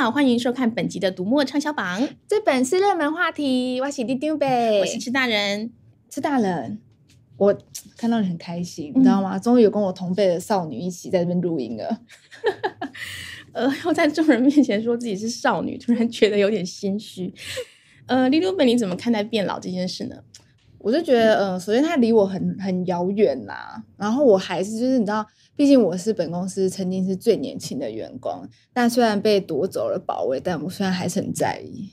好，歡迎收看本集的《讀墨暢銷榜》。這本是熱門話題，我是里長伯，我是吃大人，吃大人。我看到你很開心。嗯，你知道嗎？終於有跟我同輩的少女一起在這邊錄音了。 呃，要在眾人面前說自己是少女，突然覺得有點心虛。呃，里長伯，你怎麼看待變老這件事呢？我就覺得，嗯、呃，首先他離我很很遙遠啦，然後我還是就是你知道，畢竟我是本公司曾經是最年輕的員工，但雖然被奪走了寶位，但我雖然還是很在意。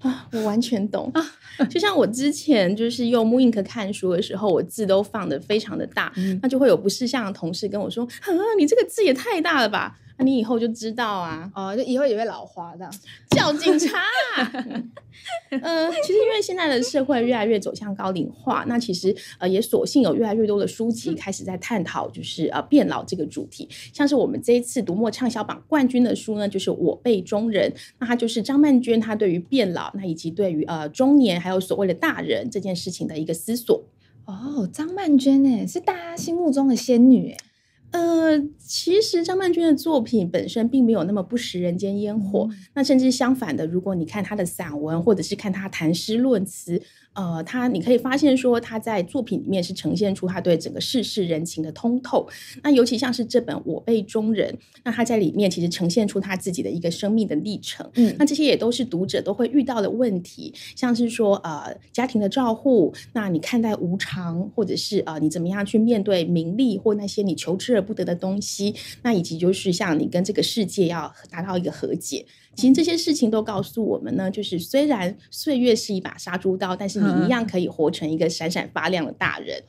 啊，我完全懂啊！就像我之前就是用 mooInk 看書的時候，我字都放得非常的大、嗯，那就會有不識相的同事跟我說，啊，你這個字也太大了吧。那你以後就知道啊，哦，就以後也會老花的，叫警察，啊。 嗯、呃，其實因為現在的社會越來越走向高齡化，那其實呃也索性有越來越多的書籍開始在探討，就是呃變老這個主題。像是我們這一次讀墨暢銷榜冠軍的書呢，就是《我輩中人》，那它就是張曼娟她對於變老，那以及對於呃中年還有所謂的大人這件事情的一個思索。哦，張曼娟呢，是大家心目中的仙女呃，其實張曼娟的作品本身並沒有那麼不食人間煙火，嗯、那甚至相反的，如果你看她的散文，或者是看她談詩論詞，呃，她你可以發現說她在作品裡面是呈現出她對整個世事人情的通透，嗯。那尤其像是這本《我輩中人》，那他在裡面其實呈現出他自己的一個生命的歷程。嗯、那這些也都是讀者都會遇到的問題，像是說呃家庭的照顧，那你看待無常，或者是呃你怎麼樣去面對名利或那些你求知不得的東西，那以及就是像你跟這個世界要達到一個和解，其實這些事情都告訴我們呢，就是雖然歲月是一把殺豬刀，但是你一樣可以活成一個閃閃發亮的大人。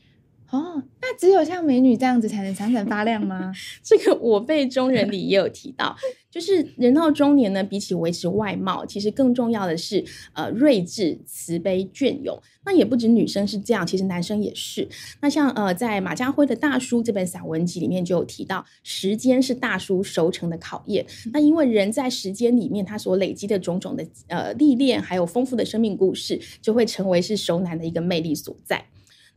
哦，那只有像美女這樣子才能閃閃發亮嗎？ 這個《我輩中人》裡也有提到， 就是人到中年呢，比起維持外貌，其實更重要的是呃睿智、慈悲、雋永。那也不止女生是這樣，其實男生也是。那像呃，在馬家輝的《大叔》這本散文集裡面就有提到，時間是大叔熟成的考驗。那因為人在時間裡面，他所累積的種種的呃歷練，還有豐富的生命故事，就會成為是熟男的一個魅力所在。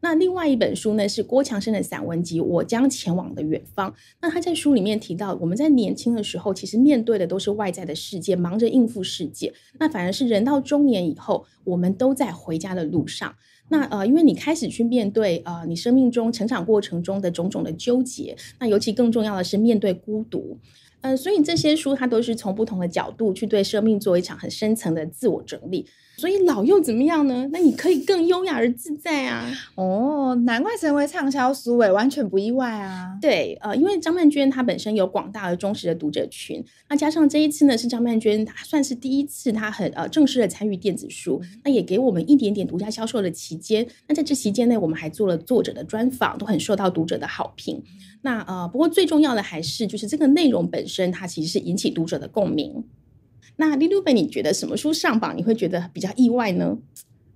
那另外一本書呢，是郭強生的散文集《我將前往的遠方》。那他在書裡面提到，我們在年輕的時候，其實面對的都是外在的世界，忙着應付世界。那反而是人到中年以後，我們都在回家的路上。那呃，因為你開始去面對呃，你生命中成長過程中的種種的糾結。那尤其更重要的是面對孤獨。嗯、呃，所以這些書它都是從不同的角度去對生命做一場很深層的自我整理。所以老又怎麼樣呢？那你可以更優雅而自在啊！哦，難怪成為暢銷書哎，完全不意外啊！對，呃，因為張曼娟她本身有廣大而忠實的讀者群，那加上這一次呢，是張曼娟她算是第一次，她很呃正式的參與電子書，那也給我們一點點獨家銷售的期間。那在這期間內，我們還做了作者的專訪，都很受到讀者的好評。那呃，不過最重要的還是，就是這個內容本身，它其實是引起讀者的共鳴。那里長伯，你覺得什麼書上榜你會覺得比較意外呢？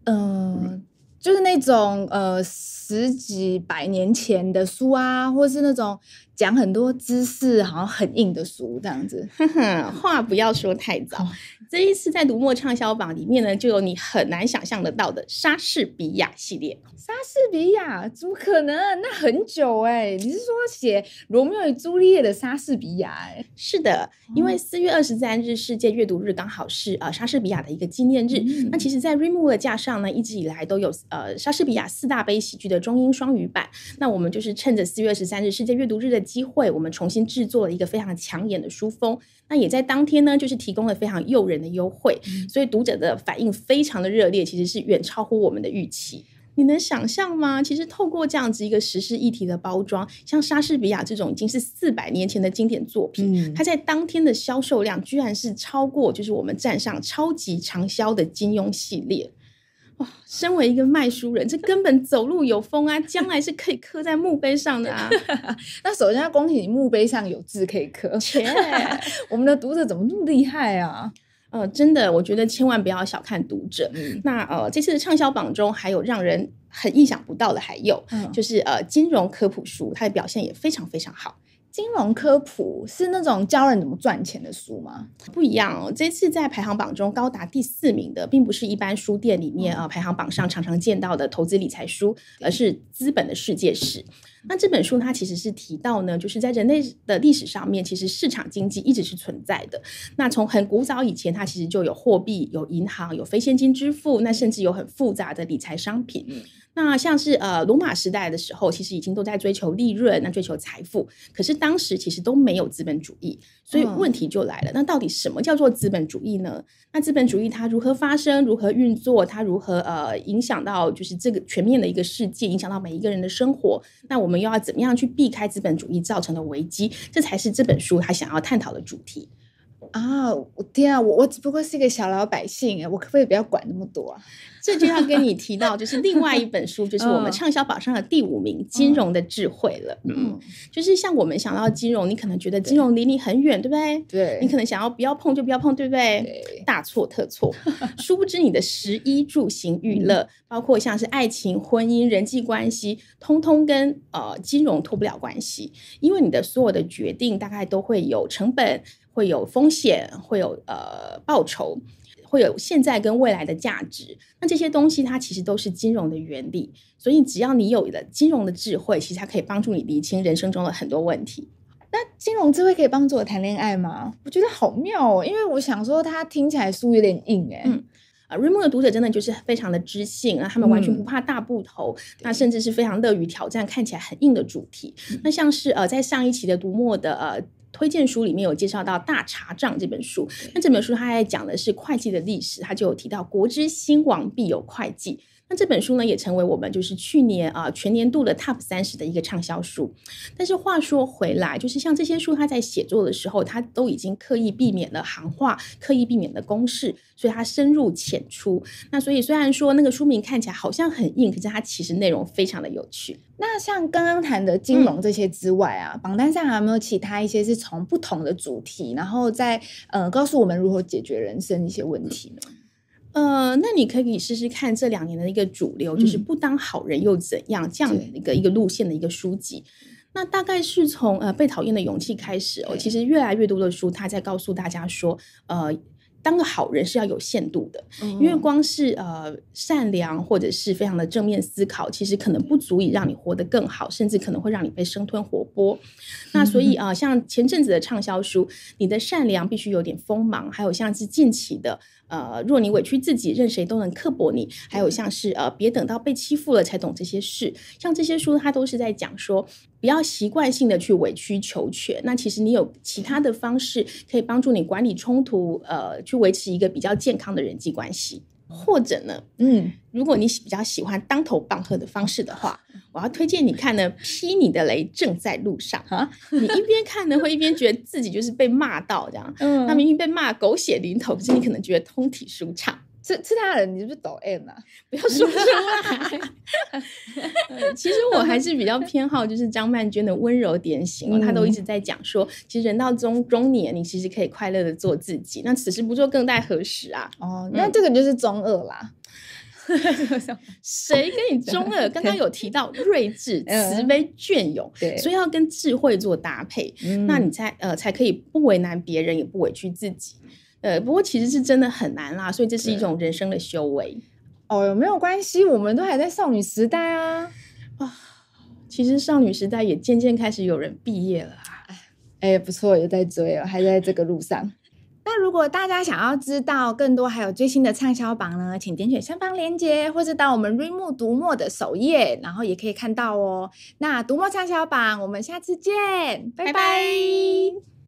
嗯、呃，就是那種呃十幾百年前的書啊，或是那種講很多知識好像很硬的書這樣子。哼哼，話不要說太早。哦這一次在讀墨暢銷榜裡面呢，就有你很難想象得到的莎士比亞系列。莎士比亞怎麼可能？那很久哎、欸，你是說寫羅密歐與朱麗葉的莎士比亞、欸？哎，是的，因為四月二十三日世界閱讀日剛好是呃莎士比亞的一個紀念日。嗯、那其實，在 Readmoo 的架上呢，一直以來都有呃莎士比亞四大悲喜劇的中英雙語版。那我們就是趁着四月二十三日世界閱讀日的機會，我們重新制作了一個非常搶眼的書封。那也在當天呢，就是提供了非常誘人。的優惠，所以讀者的反應非常的熱烈，其實是遠超乎我們的預期。你能想象嗎？其實透過這樣子一個時事議題的包裝，像莎士比亞這種已經是四百年前的經典作品，嗯，它在當天的銷售量居然是超過就是我們站上超級長銷的金庸系列。哇、哦，身為一個賣書人，這根本走路有風啊， 將來是可以刻在墓碑上的啊。 那首先要恭喜你，墓碑上有字可以刻。切， 我們的讀者怎麼那麼厲害啊？呃，真的，我覺得千萬不要小看讀者。那呃，這次的暢銷榜中還有讓人很意想不到的，還有、嗯、就是呃，金融科普書，它的表現也非常非常好。金融科普是那種教人怎麼賺錢的書嗎？不一樣哦。這次在排行榜中高達第四名的，並不是一般書店裡面、嗯、啊排行榜上常常見到的投資理財書，而是《資本的世界史》。那這本書它其實是提到呢，就是在人類的歷史上面，其實市場經濟一直是存在的。那從很古早以前，它其實就有貨幣、有銀行、有非現金支付，那甚至有很複雜的理財商品。那像是呃羅馬時代的時候，其實已經都在追求利潤，那追求財富。可是當時其實都沒有資本主義，所以問題就來了。嗯。那到底什麼叫做資本主義呢？那資本主義它如何發生？如何運作？它如何呃影響到就是這個全面的一個世界，影響到每一個人的生活？那我。我們又要怎麼樣去避開資本主義造成的危機。這才是這本書他想要探討的主題。哦、啊，我天啊，我我只不過是一個小老百姓哎，我可不可以不要管那麼多啊？這就要跟你提到，就是另外一本書，就是我們暢銷榜上的第五名《 哦、金融的智慧》了。嗯，就是像我們想到金融，你可能覺得金融離你很遠，對，對不對？對。你可能想要不要碰就不要碰，對不對？對大錯特錯，殊不知你的食衣住行娛樂、嗯，包括像是愛情、婚姻、人際關係，通通跟呃金融脫不了關係，因為你的所有的決定大概都會有成本。會有風險，會有呃報酬，會有現在跟未來的價值。那這些東西它其實都是金融的原理，所以只要你有了金融的智慧，其實它可以幫助你理清人生中的很多問題。那金融智慧可以幫助我談戀愛嗎？我覺得好妙哦，因為我想說它聽起來似乎有點硬誒。啊、嗯，瑞墨的讀者真的就是非常的知性，那、啊、他們完全不怕大部頭、嗯，那甚至是非常樂於挑戰看起來很硬的主題。嗯、那像是呃，在上一期的讀墨的呃。推薦書裡面有介紹到《大查賬》這本書，那這本書它還講的是會計的歷史，它就有提到“國之興亡必有會計”。那這本書呢，也成為我們就是去年啊、呃、全年度的 TOP 三十的一個暢銷書。但是話說回來，就是像這些書，它在寫作的時候，它都已經刻意避免了行話，刻意避免了公式，所以它深入淺出。那所以雖然說那個書名看起來好像很硬，可是它其實內容非常的有趣。那像剛剛談的金融這些之外啊，嗯、榜單上還有沒有其他一些是從不同的主題，然後再呃告訴我們如何解決人生一些問題呢？嗯呃，那你可以試試看這兩年的一個主流，嗯、就是不當好人又怎樣這樣的一個一個路線的一個書籍。那大概是從呃《被討厭的勇氣》開始哦。其實越來越多的書，他在告訴大家說，呃。當個好人是要有限度的，哦、因為光是呃善良或者是非常的正面思考，其實可能不足以讓你活得更好，甚至可能會讓你被生吞活剝，嗯嗯。那所以啊、呃，像前陣子的暢銷書，《你的善良必須有點鋒芒》，還有像是近期的呃，若你委屈自己，任誰都能刻薄你，嗯、還有像是呃，別等到被欺負了才懂這些事，像這些書，它都是在講說，不要習慣性的去委曲求全，那其實你有其他的方式可以幫助你管理衝突，呃，去維持一個比較健康的人際關係，或者呢，嗯，如果你比較喜歡當頭棒喝的方式的話，我要推薦你看呢，《劈你的雷》正在路上啊！你一邊看呢，會一邊覺得自己就是被罵到這樣，他那明明被罵狗血淋頭，可是你可能覺得通體舒暢。吃大人，你是不是抖 M 啊？不要說出來。其實我還是比較偏好，就是張曼娟的溫柔典型、喔嗯。他都一直在講說，其實人到中中年，你其實可以快樂的做自己。那此時不做，更待何時啊？哦，那這個就是中二啦。誰、嗯、 跟你中二？剛剛有提到 睿智、慈悲、雋永，所以要跟智慧做搭配，嗯、那你才呃才可以不為難別人，也不委屈自己。呃，不過其實是真的很難啦，所以這是一種人生的修為。哦喲，沒有關係，我們都還在少女時代啊！哇，其實少女時代也漸漸開始有人畢業了。哎，不錯，有在追啊，還在這個路上。 那如果大家想要知道更多還有最新的暢銷榜呢，請點選上方鏈接，或是到我們 Readmoo 讀墨的首頁，然後也可以看到哦。那讀墨暢銷榜，我們下次見，拜拜。Bye bye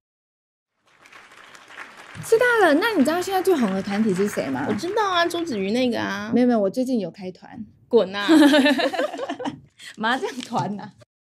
知道了，那你知道現在最紅的團體是誰嗎？我知道啊，周子瑜那個啊。沒有沒有，我最近有開團，滾吶、啊， 麻將團吶。